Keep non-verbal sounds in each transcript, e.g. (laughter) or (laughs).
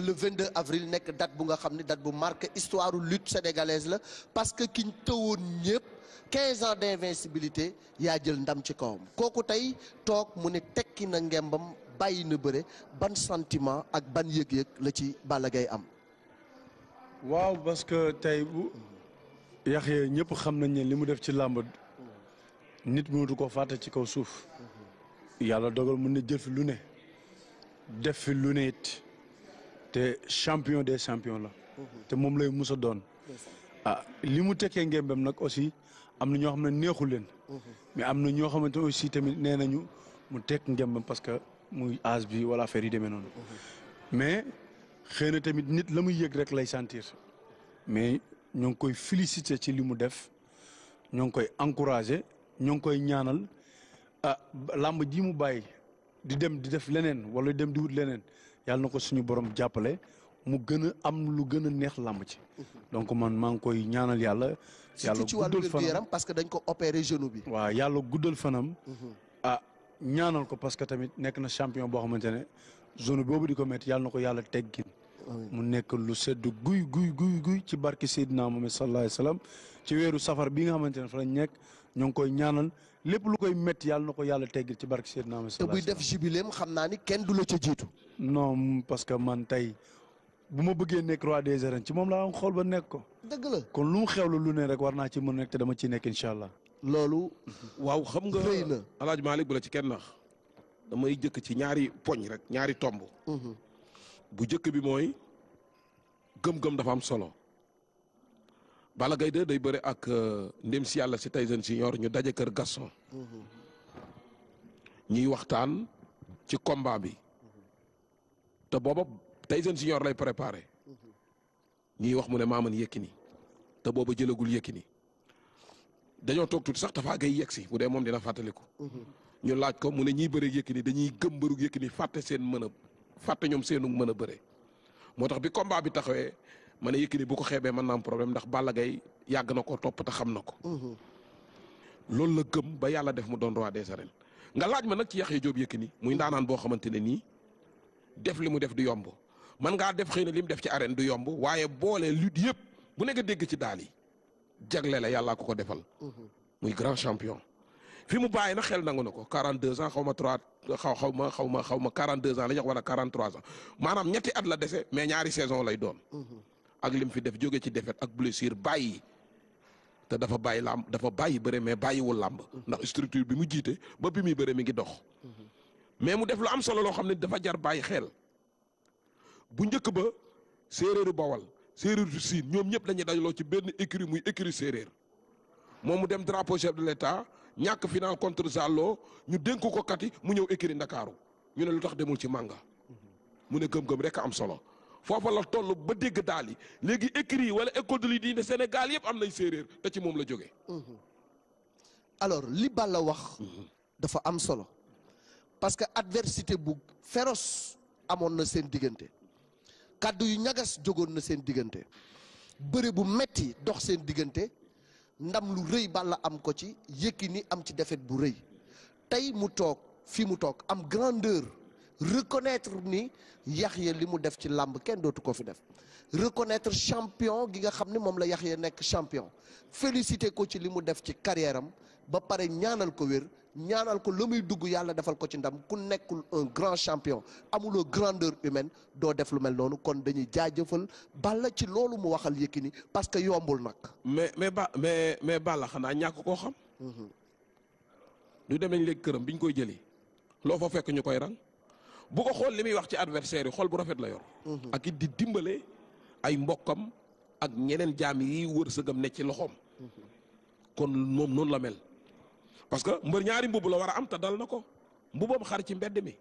le 22 avril nek date bu nga date bu marque histoire lutte sénégalaise parce que kiñ 15 ans d'invincibilité ya jël ndam ci kawam koku tay tok mu ne ngembam ban sentiment ak ban la ci am. waaw parce que tay bu. yahya ñepp xam nañ ne def ci nit ko ci kaw suuf. yalla dogal mu lu def champion des champions là, mhm. te moom lay ah est ngembem aussi am na ñoo xam mhm. mais aussi tamit mu parce que sommes âge bi wala affaire yi mhm. mais xëy tamit nit la nous rek sentir. mais nous ngi koy féliciter ci Nous def encourager nous ngi koy nous ah Il ji mu di dem di def wala yàlla na ko suñu borom jàppale mu gën a am lu gën a neex làmb ci. donc man maa ngi koy ñaanal yàlla. yàlla guddal fanam parce que dañ ko opéré genou bi. waaw yàlla guddal fanam. Mhm. ah ñaanal ko parce que tamit nekk na champion boo xamante ne genou boobu di ko métti yàlla na ko yàlla teg teggin. mu nekk lu sedd guy guy guy guy ci barke Seydina naa sallallahu alayhi wa sallam ci weeru safar bi nga xamante ne fa lañ nekk ñoo ngi koy ñaanal. lépp lu koy métti yàlla na ko yàlla teggil ci barke Seydina Muhammad te buy def jubileem xam naa ni kenn du la ca jiitu. non parce que man tey bu ma bëggee nekk roi des arènes ci moom la am xool ba nekk ko. kon lu mu xewlu lu ne rek war naa ci mën nekk te dama ciy nekk incha allah. loolu. waaw xam nga rëy na Alaaji Malick bu la ci kenn nax damay jëkk ci ñaari poñ rek ñaari tomb. Mhm. bu jëkk bi mooy gëm-gëm dafa am solo. Balla gay 2 day bëre ak euh, ndem si yàlla si Tyson Junior ñu daja kër Gaston. ñuy waxtaan ci combat bi. te booba Tyson Junior lay préparé. ñuy wax mu ne maaman Yékini te booba jëlagul Yékini dañoo toog tuuti sax Tapha Gueye yegg si bu dee moom dina fàttaliku. ñu laaj ko mu ne ñiy bëre dañuy gëm mbërug Yékini fàtte seen mën a fàtte ñoom seenu mën a bëre moo tax bi combat bi ma ne Yékini bu ko xeebee mën naa am problème ndax Balla Gaye yàgg na ko topp te xam na ko. Mhm. loolu la gëm ba yàlla def mu doon roi des arènes nga laaj ma nag ci Yaxya Joob Yékini muy ndaanaan boo xamante ne nii def li mu def du yomb man ngaa def xëy na li mu def ci arène du yomb waaye boole lutte yëpp bu nekk dégg ci daal yi jagle la yàllaa ko ko defal. Mhm. muy grand champion. fi mu bàyyi na xel nangu na ko 42 ans xaw ma 3 xaw xaw ma xaw ma xaw ma 42 ans la ñu wax wala 43 ans maanaam at la dese mais ñaari saison lay doon. Mhm. ak lim fi def joge ci defet ak blessure bayyi te dafa bayyi lamb dafa bayyi bëre mais wu lamb ndax structure bi mu jité ba bi mi mi ngi dox mais mu def lu am solo lo xamne dafa jar bayyi xel bu ñëk ba bawal sereru susi, ñom ñep ñëpp dañuy dajaloo ci benn écurie muy écurie séeréer momu dem drapeau chef de l'état ñak final contre Zallo ñu dénk ko kati mu ñew écurie dakaru ñu ne lutax demul ci manga mu ne gëm-gëm rek am solo foofa la toll ba dégg daal yi léegi écrit yi wala école de ne Sénégal yëpp am nay séeréer te ci moom la jógee. Mhm. alors li Balla wax. Mhm. dafa am solo. parce que adversité bu feros amoon na seen diggante. kàddu yu ñagas jógoon na seen diggante. bëre bu metti dox seen diggante. ndam lu rëy Balla am ko ci Yékini am ci defet bu rëy. tey mu toog fi mu toog am grandeur. reconnaître ni Yaxya li mu def ci làmb kenn dootu ko fi def reconnaître champion gi nga xam ne moom la Yaxya nekk champion féliciter ko ci li mu def ci carrière ba pare ñaanal ko wér ñaanal ko la muy dugg yàlla defal ko ci ndam ku nekkul un grand champion amuloo grandeur humaine doo def lu mel noonu kon dañuy jaajëfal Balla ci loolu mu waxal Yékini parce que yombul nag. mais mais ba mais mais Balla xanaa ñàkk koo xam. du mhm. dem nañ léegi këram biñ koy jëlee loo fa fekk ñu koy ran bu ko xool li muy wax ci adversaire yi xool bu rafet la yor. Mhm. ak it di dimbale ay mbokkam ak ñeneen jaam yi wërsëgam ne ci loxoom. Mhm. kon moom noonu la mel. parce que mbër ñaari mbubb la war a am ta dal na ko mbubam xar ci mbedd mi.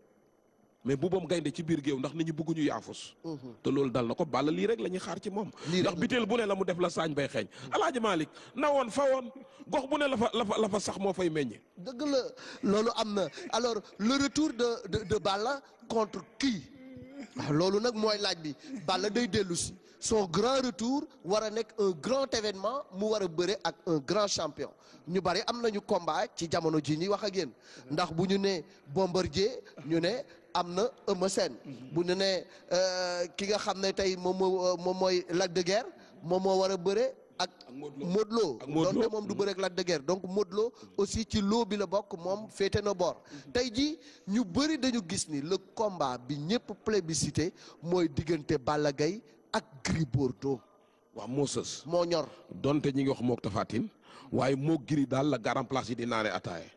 mais bu bam gaynde ci biir géew ndax nit ñi ñu yaafus mhm. te loolu dal na balla lii rek lañu xaar ci mom ndax bitel bu ne la mu def la sañ bay xéñ mhm. alaaji malik nawon fawon gox bu ne la fa la fa sax mo fay meññe deug la loolu amna alors le retour de de, de Balla contre qui ah, loolu nak moy laaj bi Balla day dellu si son grand retour wara nek un grand événement mu wara a bëre ak un grand champion ñu bari am nañu combat ci jamono ji ñi wax ak yéen ndax bu ñu ne Bombardier ñu né am na Eumeu Sène mhm. bu ñu nee euh, ki nga xam ne tey moom moo euh, moom mooy Lac de moom moo war a bëre ak Modou Lo doonte moom du mhm. bëre ak Lac de donc Modou Lo mhm. aussi ci loo bi la bokk moom féete na boor tey ji ñu bëri dañu gis ni la combat bi ñëpp plébiscité mooy diggante Balla Gaye ak Gris Bordeaux moo sës moo ñor donte ñi ngi wax mook Tapha Tine waaye moo Gris daal la garan place yi di naane ataaye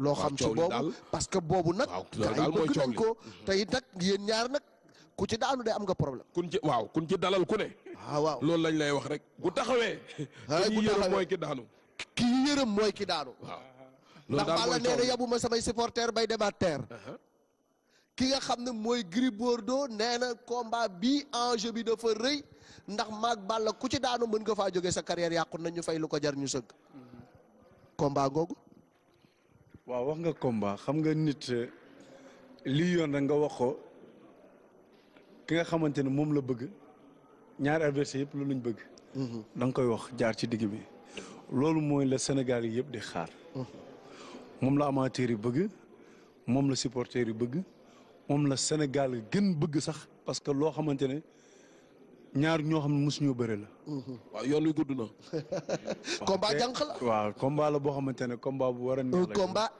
loo xam ci boobu parce que boobu nag gaa yi bëgg nañ ko mm. te nag yéen ñaar nag ku ci daanu de am nga problème kun ci waaw kun ci dalal ku ne waaw ah, waaw loolu lañ lay wax rek bu taxawee ah, ki yërëm mooy ki daanu ki yërëm mooy ki daanu waaw ndax Balla nee yabuma samay supporter bay demaat terre ki nga xam ne mooy Gris Bordeaux nee na combat bi enjeu bi dafa rëy ndax maak Balla ku ci daanu mën nga faa jóge sa carrière yàqun nañ ñu fay lu ko jar ñu sëgg mhm. combat googu waaw wax nga komba xam nga nit euh, lii yoon rek nga wax ko ki nga xamante ne moom la bëgg ñaari adversaire yëpp loolu ñu bëgg. Mhm. da nga koy wax jaar ci digg bi. loolu mooy la Sénégal yi yëpp di xaar. Mhm. moom la amateur yi bëgg moom la supporter yi bëgg moom la Sénégal gën bëgg sax parce que loo xamante ne. ñaari ñoo xam ne mosuñu bëre la. Mhm. waaw yoon wi gudd na. (laughs) combat jànq la. boo xamante ne combat bu war a. un combat